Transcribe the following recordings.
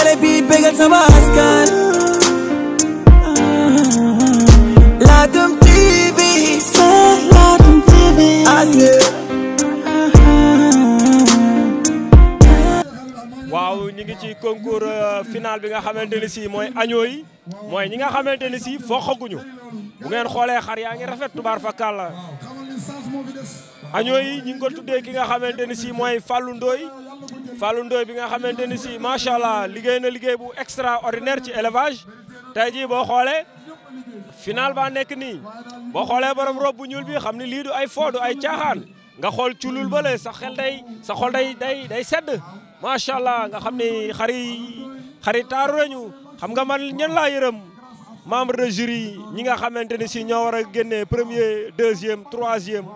télé bi bégal sama askan Ladoum ngi ci concours euh, final bi nga xamante ni si mooy agneau yi mooy ñi nga xamante ni si foqaguñu bu ngeen xoolee xar yaa ngi rafet tubaar fa kàlla agneau yi ñu ngi ko tuddee ki nga xamante ni si mooy Fallou Ndoye Fallou bi nga xamante ni si macha allah liggéey na liggéey bu extraordinaire ci élevage tey jii boo xoolee final ba nekk nii boo xoolee borom rob bu ñuul bi xam ni lii ay fo ay caaxaan nga xool culul bële sa xel day sa xol day day sedd macha allah nga xam ni xari xari taaru nañu xam nga man ñan laa yërëm membre de jury ñi nga xamante ni si ñoo war a génnee premier deuxième troisième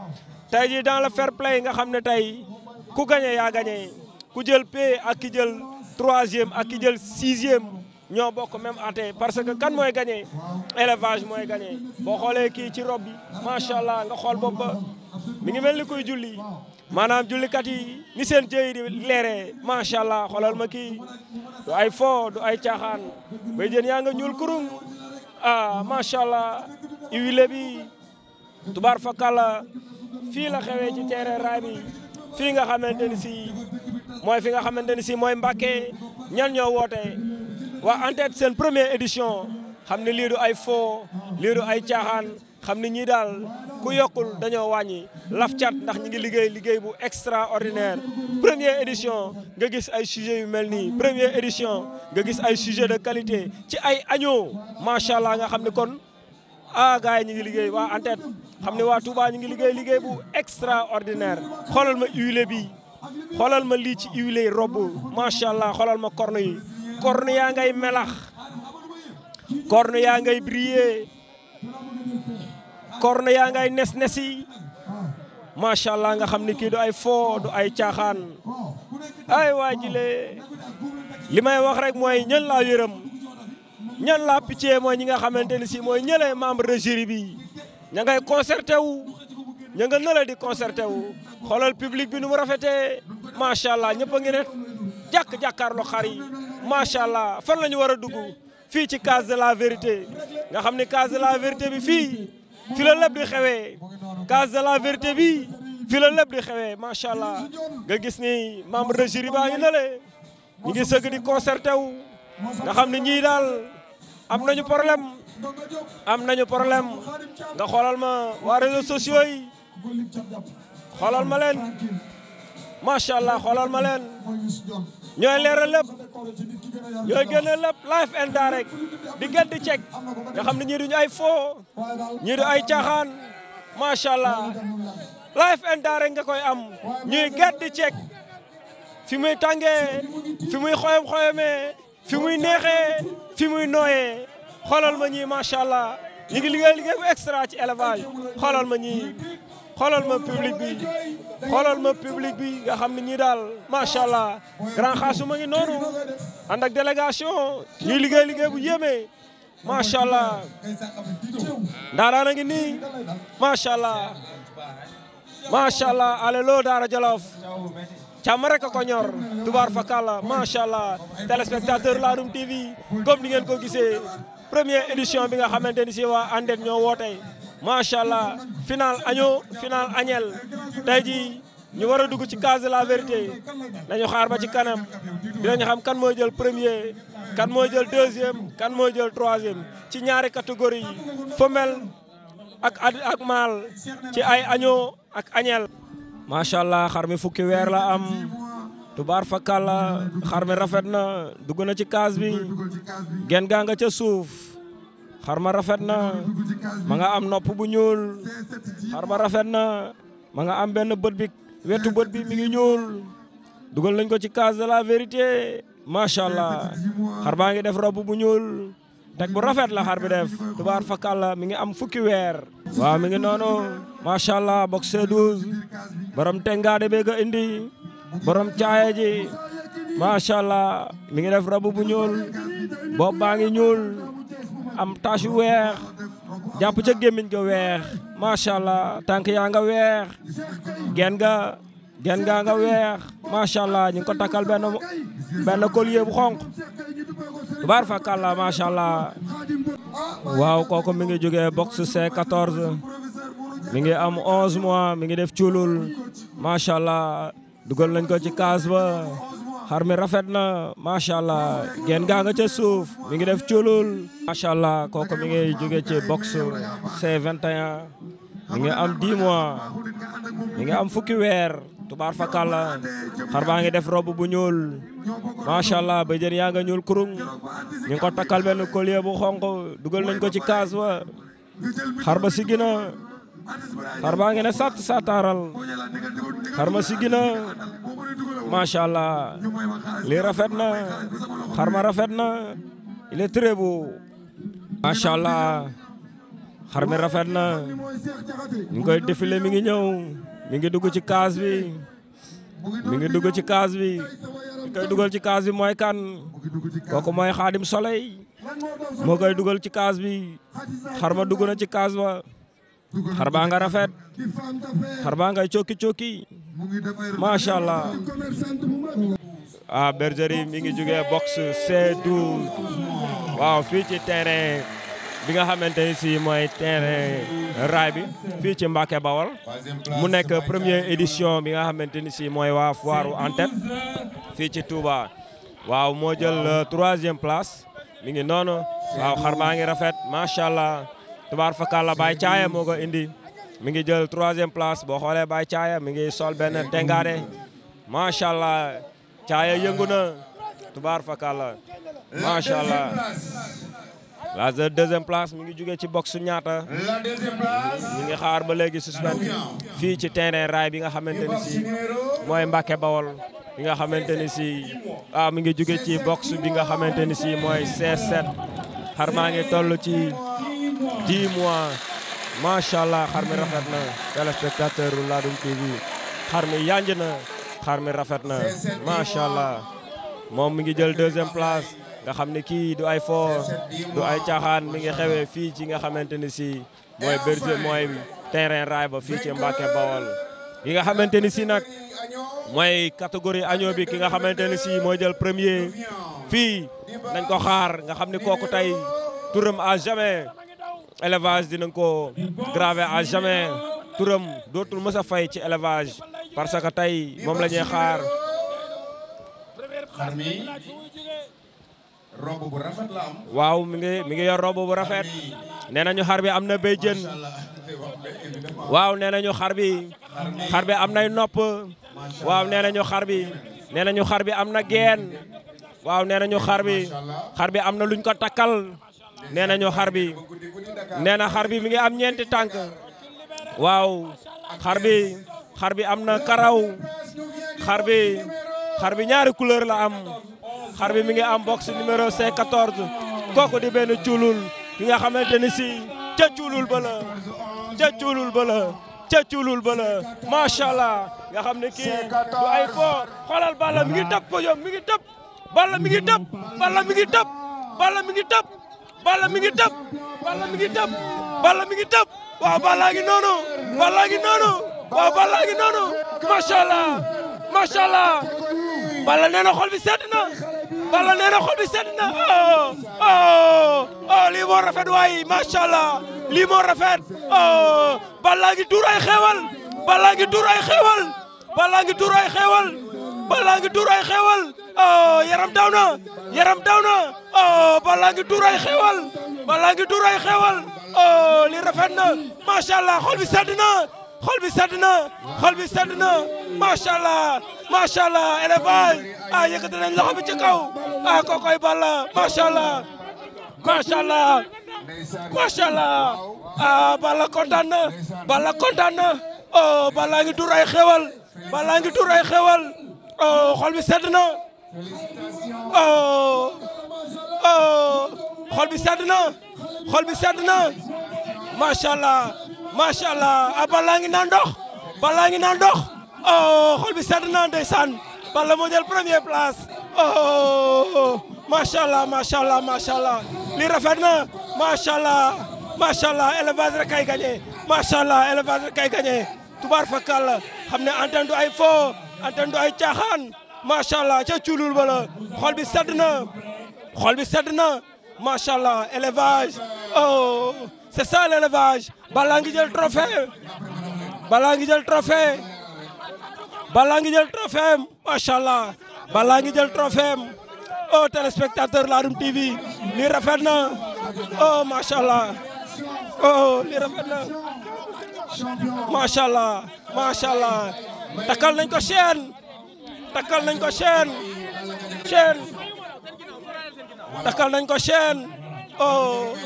tey jii dans le fair play nga xam ne tey ku gagné yaa gagné. ku jël P ak ki jël troisième ak ki jël sixième ñoo bokk même ate parce que kan mooy gagné élevage mooy gagné boo xoolee kii ci rob bi macha allah nga xool bopp ba mi ngi mel ni koy juli maanaam jullikat yi ni seen jëy di leeree macha allah xoolal ma kii du ay fo du ay caaxaan bay jën yaa nga ñuul kurung ah macha allah iwile bi tubaar fakala fii la xewee ci terrain raay bi fii nga xamante ni si mooy fi nga xamante ni si mooy Mbàkke ñan ñoo woote waa en seen premier édition xam ne lii ay fo lii du ay caaxaan xam ne ñii daal ku yokkul dañoo wàññi laf cat ndax ñi ngi liggéey liggéey bu extraordinaire première édition nga gis ay sujets yu mel nii première édition nga gis ay sujets de qualité ci ay agneau macha allah nga xam ne kon ah gars yi ñu ngi liggéey waa en xam ne waa Touba ñu ngi liggéey liggéey bu extraordinaire xoolal ma huile bi xoolal ma lii ci huile yi robb macha allah xoolal ma corne yi corne yaa ngay melax corne yaa ngay briller corne yaa ngay nes nesi macha allah nga xam ni kii du ay foo du ay caaxaan ay waa jile li may wax rek mooy ñan laa yërëm ñan laa pitié mooy ñi nga xamante ni si mooy ñëlee membre de bi ña ngay concerté ña nga nala di concerté wu xoolal bi nu mu rafetee macha allah ñëpp a ngi ne jàkk jàkkaarloo xar macha allah fan la ñu war a dugg fii ci case de la vérité nga xam ne case de la vérité bi fii fi la lépp di xewee case de la vérité bi fi la lépp di xewee macha allah nga gis ni membre de jury baa ngi nale ñu ngi sëgg di concerté nga xam ne ñii daal am nañu problème am nañu problème nga xoolal ma waa réseaux sociaux xoolal ma leen macha allah xoolal ma leen ñooy leeral lépp ñooy génne lépp live and direct di gën cek nga xam ne ñii duñu ay foo ñii du ay caaxaan macha allah live and direct nga koy am ñuy gën cek fi muy tàngee fi muy xoyom xoyomee fi muy neexe fi muy nooyee xoolal ma ñii macha allah ñu ngi liggéey liggéey bu extra ci élevage xoolal ma ñii. xoolal ma public bi xoolal ma public bi nga xam ne ñii daal macha allah grand xaasu ma ngi noonu ànd ak délégation ñuy liggéey bu yéeme macha allah daara na ngi nii macha allah macha allah ale loo daara jolof càmm rek ko ñor tubaar fakalla macha allah ngeen ko gisee première édition bi nga xamante ni si waa ñoo woote macha allah final agneau final agnel tey jii ñu war a dugg ci case de la vérité nañu xaar ba ci kanam dinañu xam kan mooy jël premier kan mooy jël deuxième kan mooy jël troisième ci ñaari catégorie yi femelle ak ak mâle ci ay agneau ak agnel. macha allah xar mi fukki weer la am tubaar fakal la xar mi rafet na dugg na ci case bi gen gaa nga ca suuf. xar ma rafet na ma nga am nopp bu ñuul xar ma rafet na ma nga am benn bët bi wetu bët bi mi ngi ñuul dugal nañ ko ci case de la vérité macha allah xar baa ngi def rabu bu ñuul teg bu rafet la xar bi def tubaar fakal la mi ngi am fukki weer. waaw mi ngi noonu macha allah boxe 12 borom tengaade bee ko indi borom caaya ji allah mi ngi def rabu bu ñuul bopp baa ngi ñuul. am tache yu weex jàpp ca gémmiñ ga weex macha allah tànk yaa nga weex gen nga gen ngaa nga weex macha allah ñu ko takkal benn benn collier bu xonq bar fakalla macha allah. waaw kooku mu ngi jógee box C14 mi ngi am 11 mois mi ngi def culul macha allah dugal nañ ko ci kaas ba. xar mi rafet na macha allah geen gaa nga ca suuf mi ngi def culul macha allah kooku mi ngi jóge ci box C21 mi ngi am 10 mois mi ngi am fukki weer tubaar fakalla xar baa ngi def rob bu ñuul macha allah ba jën yaa nga ñuul kurung ñu ngi ko takkal benn collier bu xonq dugal nañ ko ci kaas ba xar ba si gina xar baa ngi ne sàtt sàttaaral xar ma si gina macha allah lii rafet na xar ma rafet na il est très macha allah xar mi rafet na ñu ngi koy défilé mi ngi ñëw mi ngi dugg ci kaas bi mi ngi dugg ci kaas bi mi koy dugal ci kaas bi mooy kan kooku mooy xaadim soleil moo koy dugal ci kaas bi xar ma dugg na ci kaas ba xar baa rafet xar baa ngay cokki macha allah ah bergerie mi ngi jugee box c waaw fii ci terrain bi nga xamante ni si mooy terrain raay bi fii ci Mbacke Bawol mu nekk première édition bi nga xamante ni si mooy waa foiru en tête fii ci Touba waaw moo jël euh, troisième place mi ngi noonu waaw xar baa ngi rafet macha allah tubaar fakalla baay caaya moo ko indi mi ngi jël troisième place boo xoolee Baye Caaya mi ngi sol benn tengaade macha allah Caaya yëngu na tubaar fakalla macha allah la deuxième place mi ngi juge ci box ñaata mi ngi xaar ba léegi suspend fii ci terrain raay bi nga xamante ni si mooy Mbàkke Bawol bi nga xamante ni si a ah, mi ngi juge ci box bi nga xamante ni si mooy C7 xar maa ngi toll ci 10 mois. macha allah xar mi rafet na téléspectateur u Ladoum TV xar mi yanj na xar mi rafet na macha allah moom mi ngi jël deuxième place nga xam ne kii du ay fo du ay caaxaan mi ngi xewee fii ci nga xamante ni si mooy berger mooy terrain raay ba fii ci Mbacke Bawol ki nga xamante ni si nag mooy catégorie agneau bi ki nga xamante ni si mooy jël premier fii nañ ko xaar nga xam ne kooku tey turam à jamais élevage dinañ ko graver à jamais turam dootul mës a fay ci élevage parce que tey moom la ñuy xaar. waaw mi ngi mi ngi yor robe bu rafet. nee nañu xar bi am na béy jën. waaw nee nañu xar bi. xar bi am nay nopp. waaw nee nañu xar bi. nee nañu xar bi am na geen. waaw nee nañu xar bi. xar bi am na luñ ko takkal. nee nañu xar bi nee na xar bi mi ngi am ñeenti tànk waaw xar bi bi am na karaw xar bi ñaari couleur la am xar bi mi ngi am box numéro C14 kooku di benn cuulul ki nga xamante ni si ca cuulul ba la ca cuulul ba ca cuulul ba la nga xam ne kii du ay foo xoolal balla mi ngi tëb ko yom mi ngi tëb balla mi ngi tëb balla mi ngi tëb balla mi ngi tëb Balla mi ngi tëb Balla mi ngi tëb Balla mi ngi tëb waaw Balla ngi noonu Balla ngi noonu waaw Balla ngi noonu macha allah macha allah Balla nee na xol bi sedd na Balla nee na xol bi sedd na oh oh oh lii moo rafet waaye macha allah lii moo rafet oh Balla ngi tuur ay xéewal Balla ngi tuur ay xéewal Balla ngi tuur ay xéewal Balla ngi tuur ay xewal oh yaram daw na yaram daw na oh Balla ngi tuur ay Balla ngi tuur ay xewal oh, li rafet na macha allah xol bi sedd na xol bi sedd na xol bi sedd na macha allah macha allah élevage ah loxo bi ci kaw Balla macha allah macha Balla kontaan na Balla kontaan na oh Balla ngi tuur ay Balla ngi tuur ay oh xol bi sedd na. oh oh xol bi sedd na xol bi sedd na macha allah macha allah ah balaa ngi naan dox balaa ngi naan dox oh xol bi sedd na ndeysaan Balla moo jël première place oh macha allah macha allah macha allah lii rafet na macha allah macha allah élevage rek kay gagné tubaar fakal la xam ne antenne du ay fo antenne ay caaxaan macha allah ca culul ba xol bi sedd na xol bi sedd na macha allah élevage oh c'est ça l'élevage balaa ngi jël trophée balaa ngi jël trophée balaa ngi jël trophée macha allah balaa ngi jël trophée oh téléspectateur Ladoum TV lii macha allah macha allah takkal nañ ko chaîne takkal nañ ko chaîne chaîne takkal nañ ko chaîne oh.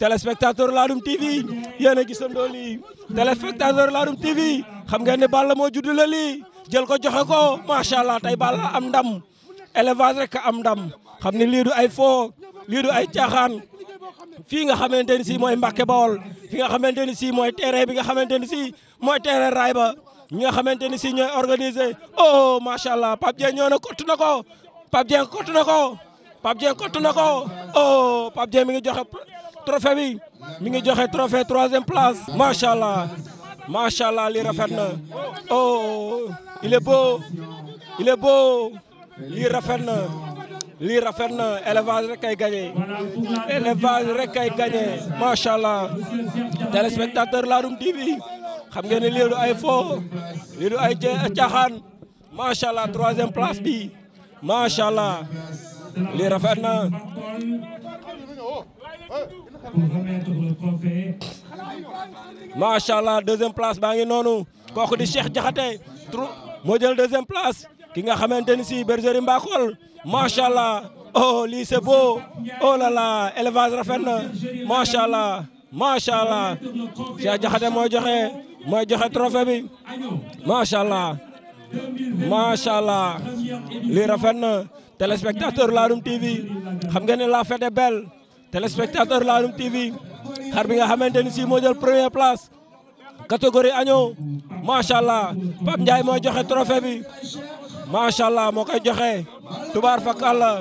téléspectateur Ladoum TV yéen a gisandoo lii téléspectateur Ladoum TV xam ngeen ne Balla moo juddu la lii jël ko joxe ko macha allah tey Balla am ndam élevage rek am ndam xam ne lii du ay fo lii du ay caaxaan. fii nga xamante ni si mooy Mbàkke Bawol fi nga xamante ni sii mooy terrain bi nga xamante ni si mooy terrain raay ba nga xamante ni si ñooy organiser oh macha allah Pape Dieng ñoo na kottu na ko Pape Dieng kottu na ko Pape Dieng kottu na ko oh Pape Dieng mi ngi joxe trophée bi mi ngi joxe trophée troisième place macha allah macha allah lii rafet na oh il est beau rafet na. lii rafet na élevage rek kay gagné élevage rek kay gagné macha allah téléspectateur Ladoum TV xam ngeen ne lii du ay fo lii du ay caaxaan macha allah troisième place bi macha allah lii rafet na. macha allah deuxième place baa ngi noonu kooku di Cheikh Diakhaté moo jël deuxième place. ki nga xamante ni si bergerie Mbakol macha allah oh lii c'est beau oh rafet na macha allah macha allah Cheikh Diakhaté mooy joxe mooy joxe trophée bi macha allah macha allah lii rafet na téléspectateur Ladoum TV xam nga ne la fête est belle téléspectateur Ladoum TV xar bi nga xamante ni si moo jël première place. catégorie agneau macha allah Pape Ndiaye joxe trophée macha allah moo koy joxe tubaar fakal la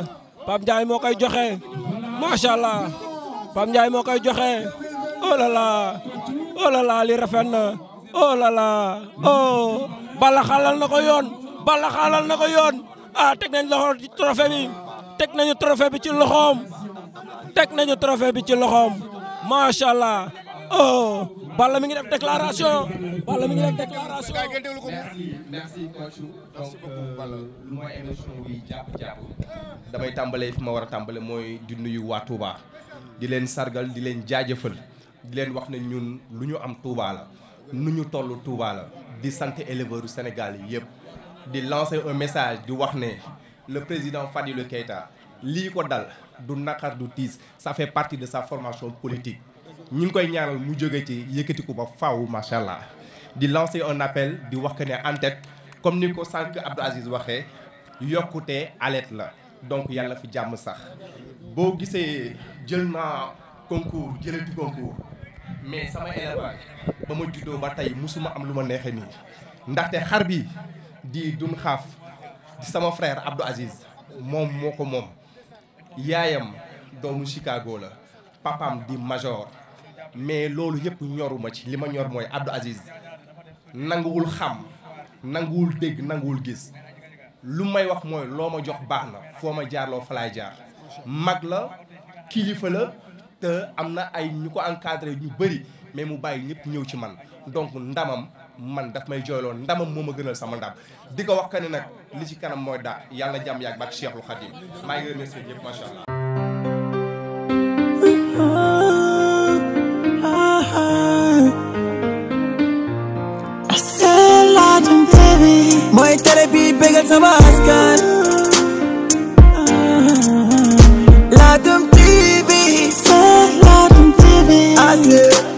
Pape Ndiaye moo koy joxe macha allah Pape moo koy joxe oh là là oh là là li rafet na oh là là oh bala xalal na ko yoon bala xalal na ko yoon ah teg nañ loxo ci trophée bi teg nañu trophée bi ci loxoom teg nañu trophée bi ci loxoom macha allah oh. Balla mi ngi def déclaration Balla mi ngi def euh, damay tàmbalee fi ma war a tàmbale mooy di nuyu waa Touba di leen sargal di leen jaajëfal di leen wax ne ñun lu ñu am Touba la nu ñu toll Touba la di sant éleveurs Sénégal yi yëpp di lancer un message di wax ne le président Fadilou Keita lii ko dal du naqar du tiis ça fait partie de sa formation politique ñu ngi koy ñaanal mu jóge ci yëkkatiku ba faaw macha allah di lancé un appel di wax que ne en tête comme ni ko sànq Abdou Aziz waxee yokkute alerte la donc yàlla fi jàmm sax boo gisee jël naa concours jëlati concours mais sama élève ba ma juddoo ba tey mosuma am lu ma neexee nii ndaxte xar bi di dun xaaf di sama frère Abdou Aziz moom moo ko moom yaayam doomu Chicago la papaam di major mais loolu yëpp ñoruma ci li ma ñor mooy Abdou Aziz nanguwul xam nanguwul dégg nanguwul gis lu may wax mooy loo ma jox baax na foo ma jaar loo jaar mag la kilifa la te am na ay ñu ko encadré ñu bëri mais mu bàyyi ñëpp ñëw ci man donc ndamam man daf may jooyloo ndamam moo ma gënal sama ndam di ko wax ka ne nag li ci kanam mooy daa yàlla na jàmm yàgg ba Cheikhul Khadim maa ngi remercié ñëpp macha allah. bi mooy télé bi bégal sama askan Ladoum TV Ladoum TV